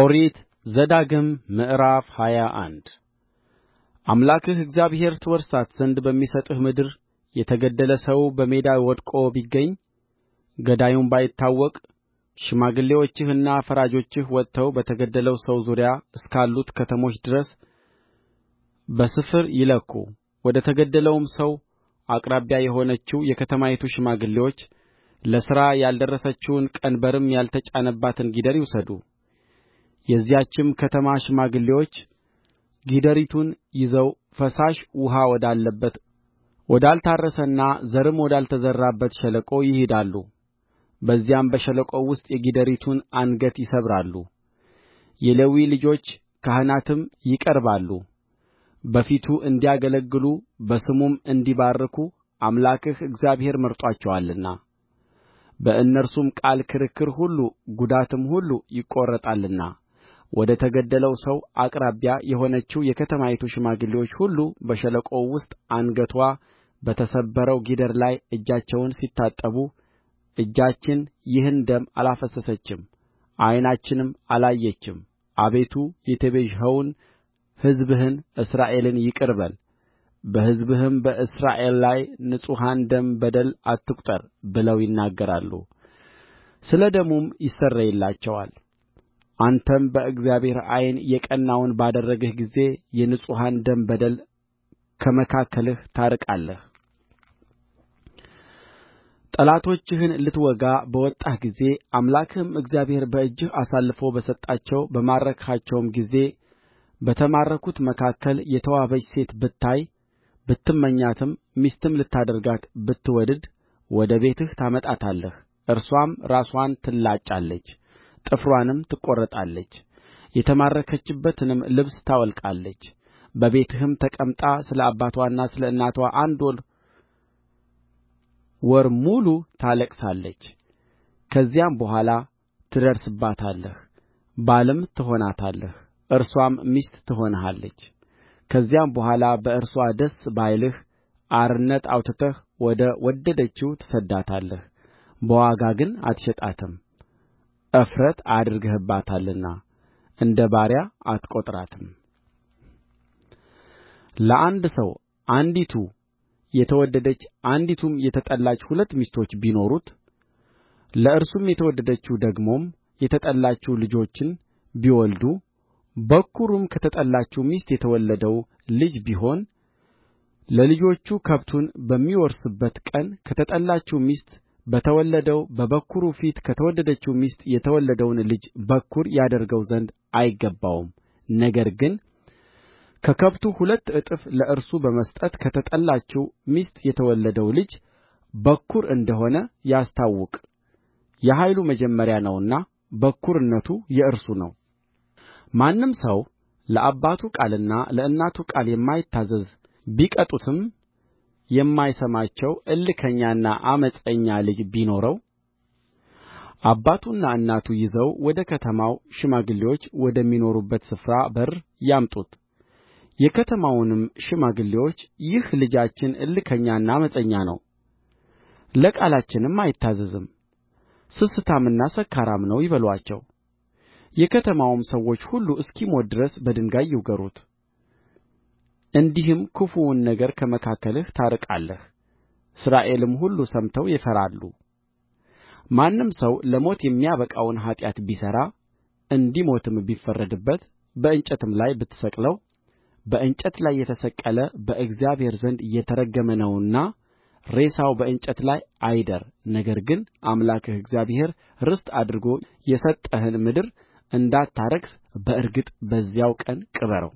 ኦሪት ዘዳግም ምዕራፍ ሃያ አንድ አምላክህ እግዚአብሔር ትወርሳት ዘንድ በሚሰጥህ ምድር የተገደለ ሰው በሜዳ ወድቆ ቢገኝ ገዳዩም ባይታወቅ ሽማግሌዎችህና ፈራጆችህ ወጥተው በተገደለው ሰው ዙሪያ እስካሉት ከተሞች ድረስ በስፍር ይለኩ። ወደ ተገደለውም ሰው አቅራቢያ የሆነችው የከተማይቱ ሽማግሌዎች ለሥራ ያልደረሰችውን ቀንበርም ያልተጫነባትን ጊደር ይውሰዱ የዚያችም ከተማ ሽማግሌዎች ጊደሪቱን ይዘው ፈሳሽ ውኃ ወዳለበት ወዳልታረሰና ዘርም ወዳልተዘራበት ሸለቆ ይሄዳሉ በዚያም በሸለቆው ውስጥ የጊደሪቱን አንገት ይሰብራሉ የሌዊ ልጆች ካህናትም ይቀርባሉ በፊቱ እንዲያገለግሉ በስሙም እንዲባርኩ አምላክህ እግዚአብሔር መርጦአቸዋልና በእነርሱም ቃል ክርክር ሁሉ ጉዳትም ሁሉ ይቈረጣልና ወደ ተገደለው ሰው አቅራቢያ የሆነችው የከተማይቱ ሽማግሌዎች ሁሉ በሸለቆው ውስጥ አንገትዋ በተሰበረው ጊደር ላይ እጃቸውን ሲታጠቡ እጃችን ይህን ደም አላፈሰሰችም፣ ዐይናችንም አላየችም። አቤቱ የተቤዠኸውን ሕዝብህን እስራኤልን ይቅር በል በሕዝብህም በእስራኤል ላይ ንጹሑን ደም በደል አትቍጠር ብለው ይናገራሉ። ስለ ደሙም ይሰረይላቸዋል አንተም በእግዚአብሔር ዓይን የቀናውን ባደረግህ ጊዜ የንጹሑን ደም በደል ከመካከልህ ታርቃለህ ጠላቶችህን ልትወጋ በወጣህ ጊዜ አምላክህም እግዚአብሔር በእጅህ አሳልፎ በሰጣቸው በማረክሃቸውም ጊዜ በተማረኩት መካከል የተዋበች ሴት ብታይ ብትመኛትም ሚስትም ልታደርጋት ብትወድድ ወደ ቤትህ ታመጣታለህ እርስዋም ራስዋን ትላጫለች ጥፍርዋንም ትቈረጣለች የተማረከችበትንም ልብስ ታወልቃለች በቤትህም ተቀምጣ ስለ አባትዋና ስለ እናትዋ አንድ ወር ሙሉ ታለቅሳለች ከዚያም በኋላ ትደርስባታለህ ባልም ትሆናታለህ እርስዋም ሚስት ትሆንሃለች ከዚያም በኋላ በእርስዋ ደስ ባይልህ አርነት አውጥተህ ወደ ወደደችው ትሰድዳታለህ በዋጋ ግን አትሸጣትም እፍረት አድርገህባታልና እንደ ባሪያ አትቈጥራትም ለአንድ ሰው አንዲቱ የተወደደች አንዲቱም የተጠላች ሁለት ሚስቶች ቢኖሩት ለእርሱም የተወደደችው ደግሞም የተጠላችው ልጆችን ቢወልዱ በኵሩም ከተጠላችው ሚስት የተወለደው ልጅ ቢሆን ለልጆቹ ከብቱን በሚወርስበት ቀን ከተጠላችው ሚስት በተወለደው በበኵሩ ፊት ከተወደደችው ሚስት የተወለደውን ልጅ በኵር ያደርገው ዘንድ አይገባውም ነገር ግን ከከብቱ ሁለት እጥፍ ለእርሱ በመስጠት ከተጠላችው ሚስት የተወለደው ልጅ በኵር እንደ ሆነ ያስታውቅ የኃይሉ መጀመሪያ ነውና በኵርነቱ የእርሱ ነው ማንም ሰው ለአባቱ ቃልና ለእናቱ ቃል የማይታዘዝ ቢቀጡትም የማይሰማቸው እልከኛና ዓመፀኛ ልጅ ቢኖረው አባቱና እናቱ ይዘው ወደ ከተማው ሽማግሌዎች ወደሚኖሩበት ስፍራ በር ያምጡት የከተማውንም ሽማግሌዎች ይህ ልጃችን እልከኛና ዓመፀኛ ነው ለቃላችንም አይታዘዝም ስስታምና ሰካራም ነው ይበሉአቸው የከተማውም ሰዎች ሁሉ እስኪሞት ድረስ በድንጋይ ይውገሩት እንዲህም ክፉውን ነገር ከመካከልህ ታርቃለህ እስራኤልም ሁሉ ሰምተው ይፈራሉ ማንም ሰው ለሞት የሚያበቃውን ኃጢአት ቢሠራ እንዲሞትም ቢፈረድበት በእንጨትም ላይ ብትሰቅለው በእንጨት ላይ የተሰቀለ በእግዚአብሔር ዘንድ የተረገመ ነውና ሬሳው በእንጨት ላይ አይደር ነገር ግን አምላክህ እግዚአብሔር ርስት አድርጎ የሰጠህን ምድር እንዳታረክስ በእርግጥ በዚያው ቀን ቅበረው